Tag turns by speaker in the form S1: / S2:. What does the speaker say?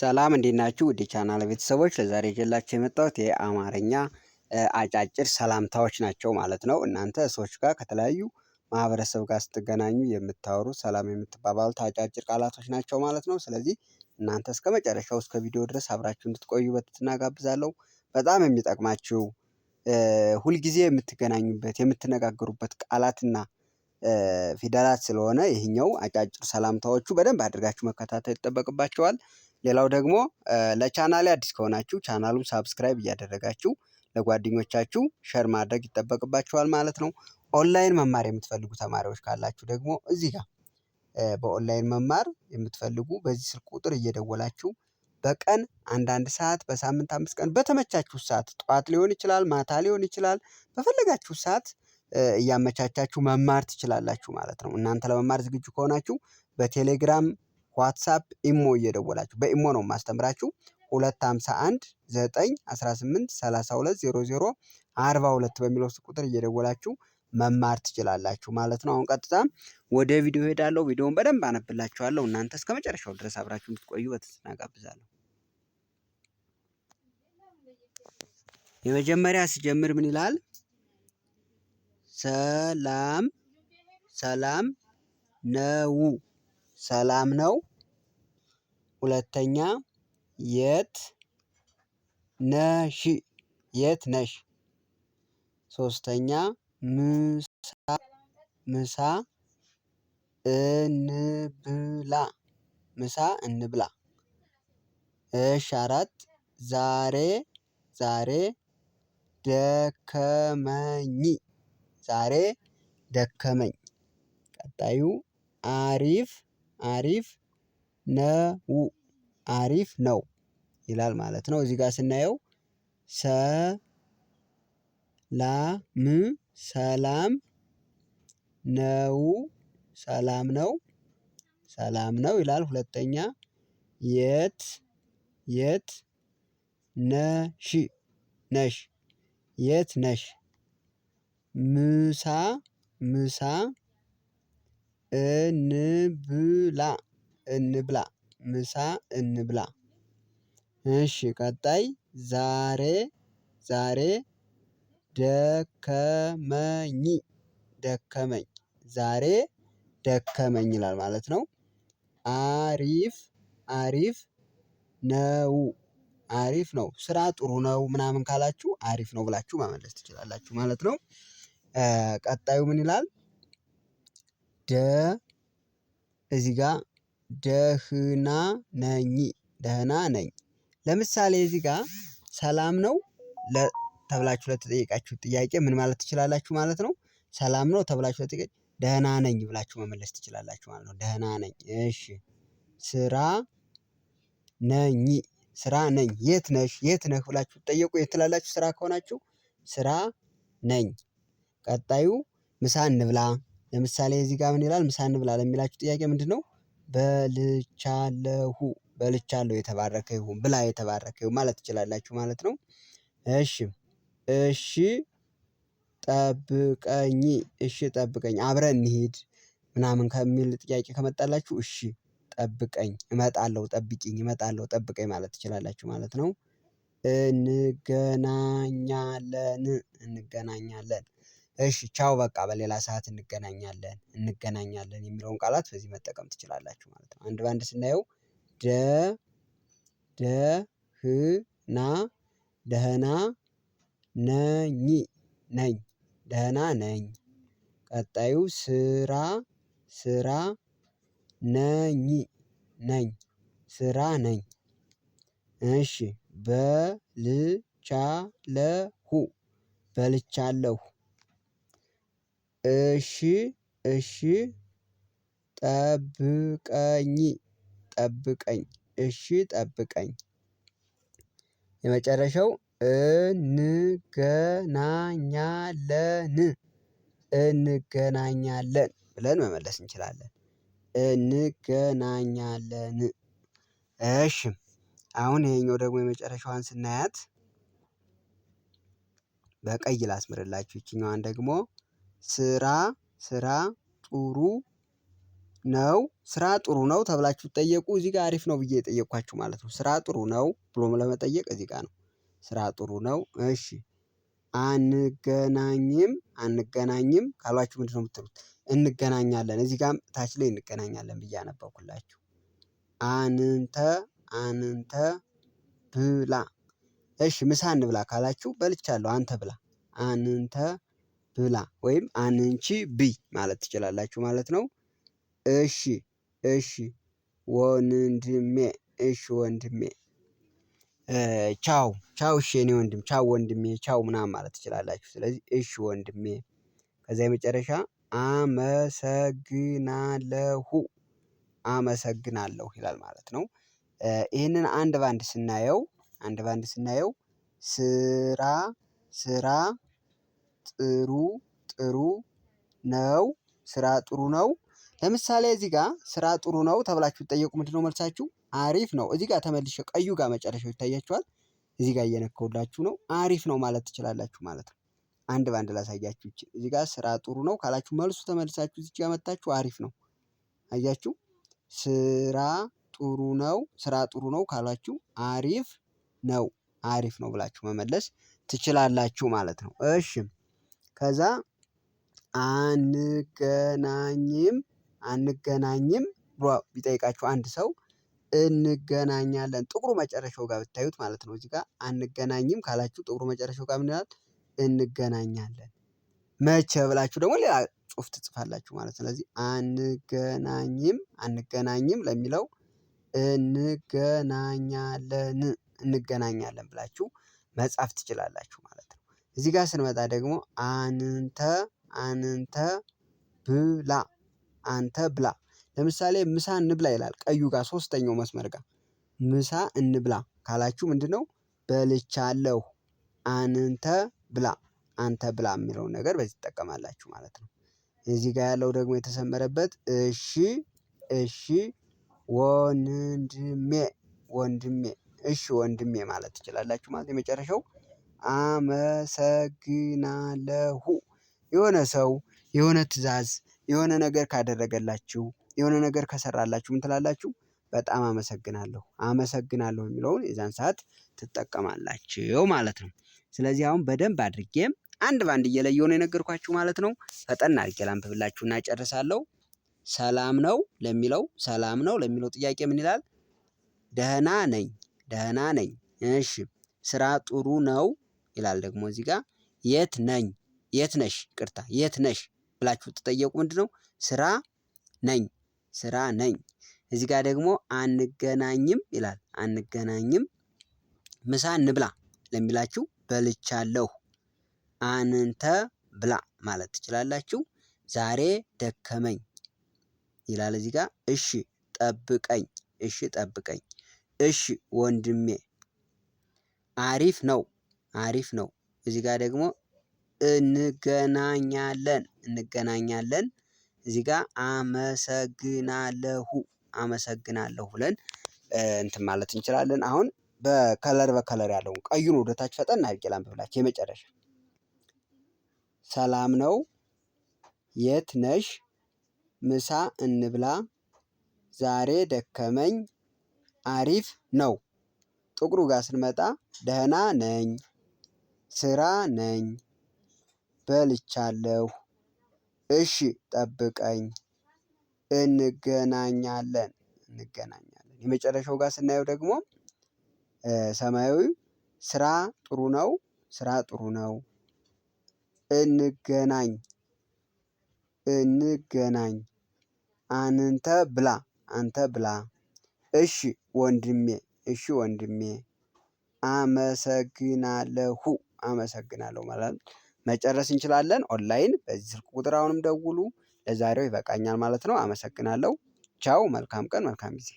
S1: ሰላም እንዴት ናችሁ? ውድ ቻናል ቤተሰቦች ለዛሬ ይዤላችሁ የመጣሁት የአማርኛ አጫጭር ሰላምታዎች ናቸው ማለት ነው። እናንተ ሰዎች ጋር ከተለያዩ ማህበረሰብ ጋር ስትገናኙ የምታወሩ ሰላም የምትባባሉት አጫጭር ቃላቶች ናቸው ማለት ነው። ስለዚህ እናንተ እስከ መጨረሻው እስከ ቪዲዮ ድረስ አብራችሁ እንድትቆዩ በትህትና ጋብዛለሁ። በጣም የሚጠቅማችሁ ሁልጊዜ የምትገናኙበት የምትነጋገሩበት ቃላትና ፊደላት ስለሆነ ይህኛው አጫጭር ሰላምታዎቹ በደንብ አድርጋችሁ መከታተል ይጠበቅባቸዋል። ሌላው ደግሞ ለቻናሌ አዲስ ከሆናችሁ ቻናሉን ሳብስክራይብ እያደረጋችሁ ለጓደኞቻችሁ ሸር ማድረግ ይጠበቅባችኋል ማለት ነው። ኦንላይን መማር የምትፈልጉ ተማሪዎች ካላችሁ ደግሞ እዚህ ጋር በኦንላይን መማር የምትፈልጉ በዚህ ስልክ ቁጥር እየደወላችሁ በቀን አንዳንድ ሰዓት በሳምንት አምስት ቀን በተመቻችሁ ሰዓት ጠዋት ሊሆን ይችላል፣ ማታ ሊሆን ይችላል፣ በፈለጋችሁ ሰዓት እያመቻቻችሁ መማር ትችላላችሁ ማለት ነው። እናንተ ለመማር ዝግጁ ከሆናችሁ በቴሌግራም ዋትሳፕ ኢሞ እየደወላችሁ በኢሞ ነው የማስተምራችሁ። 251 ሃምሳ አንድ ዘጠኝ አስራ በሚለው ስልክ ቁጥር እየደወላችሁ መማር ትችላላችሁ ማለት ነው። አሁን ቀጥታ ወደ ቪዲዮ ሄዳለው ቪዲዮውን በደንብ አነብላችኋለሁ። እናንተ እስከ መጨረሻው ድረስ አብራችሁ እንድትቆዩ በትህትና እጋብዛለሁ። የመጀመሪያ ሲጀምር ምን ይላል? ሰላም ሰላም ነው ሰላም ነው? ሁለተኛ የት ነሽ የት ነሽ? ሶስተኛ ምሳ ምሳ እንብላ ምሳ እንብላ። እሺ አራት ዛሬ ዛሬ ደከመኝ ዛሬ ደከመኝ። ቀጣዩ አሪፍ አሪፍ ነው አሪፍ ነው ይላል ማለት ነው። እዚህ ጋር ስናየው ሰላም ሰላም ነው ሰላም ነው ሰላም ነው ይላል። ሁለተኛ የት የት ነሽ ነሽ የት ነሽ ምሳ ምሳ እንብላ እንብላ ምሳ እንብላ። እሺ ቀጣይ ዛሬ ዛሬ ደከመኝ ደከመኝ ዛሬ ደከመኝ ይላል ማለት ነው። አሪፍ አሪፍ ነው አሪፍ ነው ስራ ጥሩ ነው ምናምን ካላችሁ አሪፍ ነው ብላችሁ መመለስ ትችላላችሁ ማለት ነው። ቀጣዩ ምን ይላል? ደ እዚህ ጋ ደህና ነኝ ደህና ነኝ። ለምሳሌ እዚህ ጋ ሰላም ነው ተብላችሁ ለተጠየቃችሁ ጥያቄ ምን ማለት ትችላላችሁ ማለት ነው። ሰላም ነው ተብላችሁ ለተጠየቀ ደህና ነኝ ብላችሁ መመለስ ትችላላችሁ ማለት ነው። ደህና ነኝ እሺ። ስራ ነኝ ስራ ነኝ የት ነሽ የት ነህ ብላችሁ ትጠየቁ የት ትላላችሁ ስራ ከሆናችሁ ስራ ነኝ። ቀጣዩ ምሳ እንብላ ለምሳሌ እዚህ ጋር ምን ይላል ምሳ እንብላ ለሚላችሁ ጥያቄ ምንድነው? በልቻለሁ በልቻለሁ የተባረከ ይሁን ብላ የተባረከ ይሁን ማለት ትችላላችሁ ማለት ነው። እሺ እሺ ጠብቀኝ እሺ ጠብቀኝ አብረን እንሂድ ምናምን ከሚል ጥያቄ ከመጣላችሁ እሺ ጠብቀኝ እመጣለሁ ጠብቂኝ እመጣለሁ ጠብቀኝ ማለት ትችላላችሁ ማለት ነው። እንገናኛለን እንገናኛለን እሺ ቻው በቃ በሌላ ሰዓት እንገናኛለን እንገናኛለን የሚለውን ቃላት በዚህ መጠቀም ትችላላችሁ ማለት ነው። አንድ በአንድ ስናየው ደ ደ ህ ና ደህና ነኝ ነኝ ደህና ነኝ። ቀጣዩ ስራ ስራ ነኝ ነኝ ስራ ነኝ። እሺ በልቻለሁ በልቻለሁ እሺ እሺ ጠብቀኝ ጠብቀኝ እሺ ጠብቀኝ። የመጨረሻው እንገናኛለን እንገናኛለን ብለን መመለስ እንችላለን። እንገናኛለን እሺ አሁን ይሄኛው ደግሞ የመጨረሻዋን ስናያት በቀይ ላስምርላችሁ ይችኛዋን ደግሞ ስራ ስራ ጥሩ ነው ስራ ጥሩ ነው ተብላችሁ ትጠየቁ እዚህ ጋር አሪፍ ነው ብዬ የጠየኳችሁ ማለት ነው። ስራ ጥሩ ነው ብሎ ለመጠየቅ እዚህ ጋር ነው። ስራ ጥሩ ነው እሺ። አንገናኝም አንገናኝም ካሏችሁ ነው የምትሉት? እንገናኛለን እዚህ ጋርም ታች ላይ እንገናኛለን ብዬ አነበብኩላችሁ። አንንተ አንንተ ብላ እሺ ምሳ እንብላ ካላችሁ በልቻለሁ አንተ ብላ አንንተ ብላ ወይም አንቺ ብይ ማለት ትችላላችሁ ማለት ነው። እሺ እሺ ወንድሜ እሺ ወንድሜ ቻው ቻው እሺ የኔ ወንድም ቻው ወንድሜ ቻው ምናምን ማለት ትችላላችሁ። ስለዚህ እሺ ወንድሜ ከዚያ የመጨረሻ አመሰግናለሁ አመሰግናለሁ ይላል ማለት ነው። ይህንን አንድ ባንድ ስናየው አንድ ባንድ ስናየው ስራ ስራ ጥሩ ጥሩ ነው ስራ ጥሩ ነው። ለምሳሌ እዚህ ጋር ስራ ጥሩ ነው ተብላችሁ ትጠየቁ፣ ምንድነው መልሳችሁ? አሪፍ ነው። እዚህ ጋር ተመልሼ ቀዩ ጋር መጨረሻው ይታያችኋል። እዚህ ጋር እየነከውላችሁ ነው አሪፍ ነው ማለት ትችላላችሁ ማለት ነው። አንድ በአንድ ላሳያችሁ ይቺን እዚህ ጋር ስራ ጥሩ ነው ካላችሁ መልሱ ተመልሳችሁ እዚች ጋር መታችሁ አሪፍ ነው። አያችሁ ስራ ጥሩ ነው ስራ ጥሩ ነው ካላችሁ አሪፍ ነው አሪፍ ነው ብላችሁ መመለስ ትችላላችሁ ማለት ነው። እሺም ከዛ አንገናኝም አንገናኝም ብሎ ቢጠይቃችሁ አንድ ሰው እንገናኛለን ጥቁሩ መጨረሻው ጋር ብታዩት ማለት ነው እዚህ ጋር አንገናኝም ካላችሁ ጥቁሩ መጨረሻው ጋር ምን ይላል እንገናኛለን። መቼ ብላችሁ ደግሞ ሌላ ጽሁፍ ትጽፋላችሁ ማለት ነው። ስለዚህ አንገናኝም አንገናኝም ለሚለው እንገናኛለን እንገናኛለን ብላችሁ መጻፍ ትችላላችሁ ማለት ነው እዚህ ጋር ስንመጣ ደግሞ አንተ አንተ ብላ አንተ ብላ። ለምሳሌ ምሳ እንብላ ይላል ቀዩ ጋር ሶስተኛው መስመር ጋር ምሳ እንብላ ካላችሁ ምንድነው በልቻለሁ አንተ ብላ አንተ ብላ የሚለውን ነገር በዚህ ትጠቀማላችሁ ማለት ነው። እዚህ ጋር ያለው ደግሞ የተሰመረበት እሺ እሺ ወንድሜ ወንድሜ እሺ ወንድሜ ማለት ትችላላችሁ ማለት የመጨረሻው አመሰግናለሁ። የሆነ ሰው የሆነ ትዕዛዝ የሆነ ነገር ካደረገላችሁ የሆነ ነገር ከሰራላችሁ ምን ትላላችሁ? በጣም አመሰግናለሁ አመሰግናለሁ የሚለውን የዛን ሰዓት ትጠቀማላችሁ ማለት ነው። ስለዚህ አሁን በደንብ አድርጌ አንድ በአንድ እየለየሁ ነው የነገርኳችሁ ማለት ነው። ፈጠን አድርጌ ላንብብላችሁና እጨርሳለሁ። ሰላም ነው ለሚለው ሰላም ነው ለሚለው ጥያቄ ምን ይላል? ደህና ነኝ ደህና ነኝ እሺ ስራ ጥሩ ነው ይላል ደግሞ እዚህ ጋር የት ነኝ የት ነሽ ቅርታ የት ነሽ ብላችሁ ትጠየቁ ምንድነው ስራ ነኝ ስራ ነኝ። እዚህ ጋር ደግሞ አንገናኝም ይላል አንገናኝም። ምሳ እንብላ ለሚላችሁ በልቻለሁ አንንተ ብላ ማለት ትችላላችሁ። ዛሬ ደከመኝ ይላል እዚህ ጋር እሺ ጠብቀኝ እሺ ጠብቀኝ እሺ ወንድሜ አሪፍ ነው አሪፍ ነው። እዚህ ጋር ደግሞ እንገናኛለን እንገናኛለን እዚህ ጋር አመሰግናለሁ አመሰግናለሁ ብለን እንትን ማለት እንችላለን። አሁን በከለር በከለር ያለውን ቀዩን ወደታች ፈጠን አድርጌ ላንብብላችሁ የመጨረሻ ሰላም ነው። የት ነሽ? ምሳ እንብላ። ዛሬ ደከመኝ። አሪፍ ነው። ጥቁሩ ጋር ስንመጣ ደህና ነኝ ስራ ነኝ። በልቻለሁ። እሺ ጠብቀኝ። እንገናኛለን እንገናኛለን የመጨረሻው ጋር ስናየው ደግሞ ሰማያዊ ስራ ጥሩ ነው ስራ ጥሩ ነው። እንገናኝ እንገናኝ አንተ ብላ አንተ ብላ እሺ ወንድሜ እሺ ወንድሜ አመሰግናለሁ አመሰግናለሁ ማለት መጨረስ እንችላለን ኦንላይን በዚህ ስልክ ቁጥር አሁንም ደውሉ። ለዛሬው ይበቃኛል ማለት ነው። አመሰግናለሁ። ቻው መልካም ቀን መልካም ጊዜ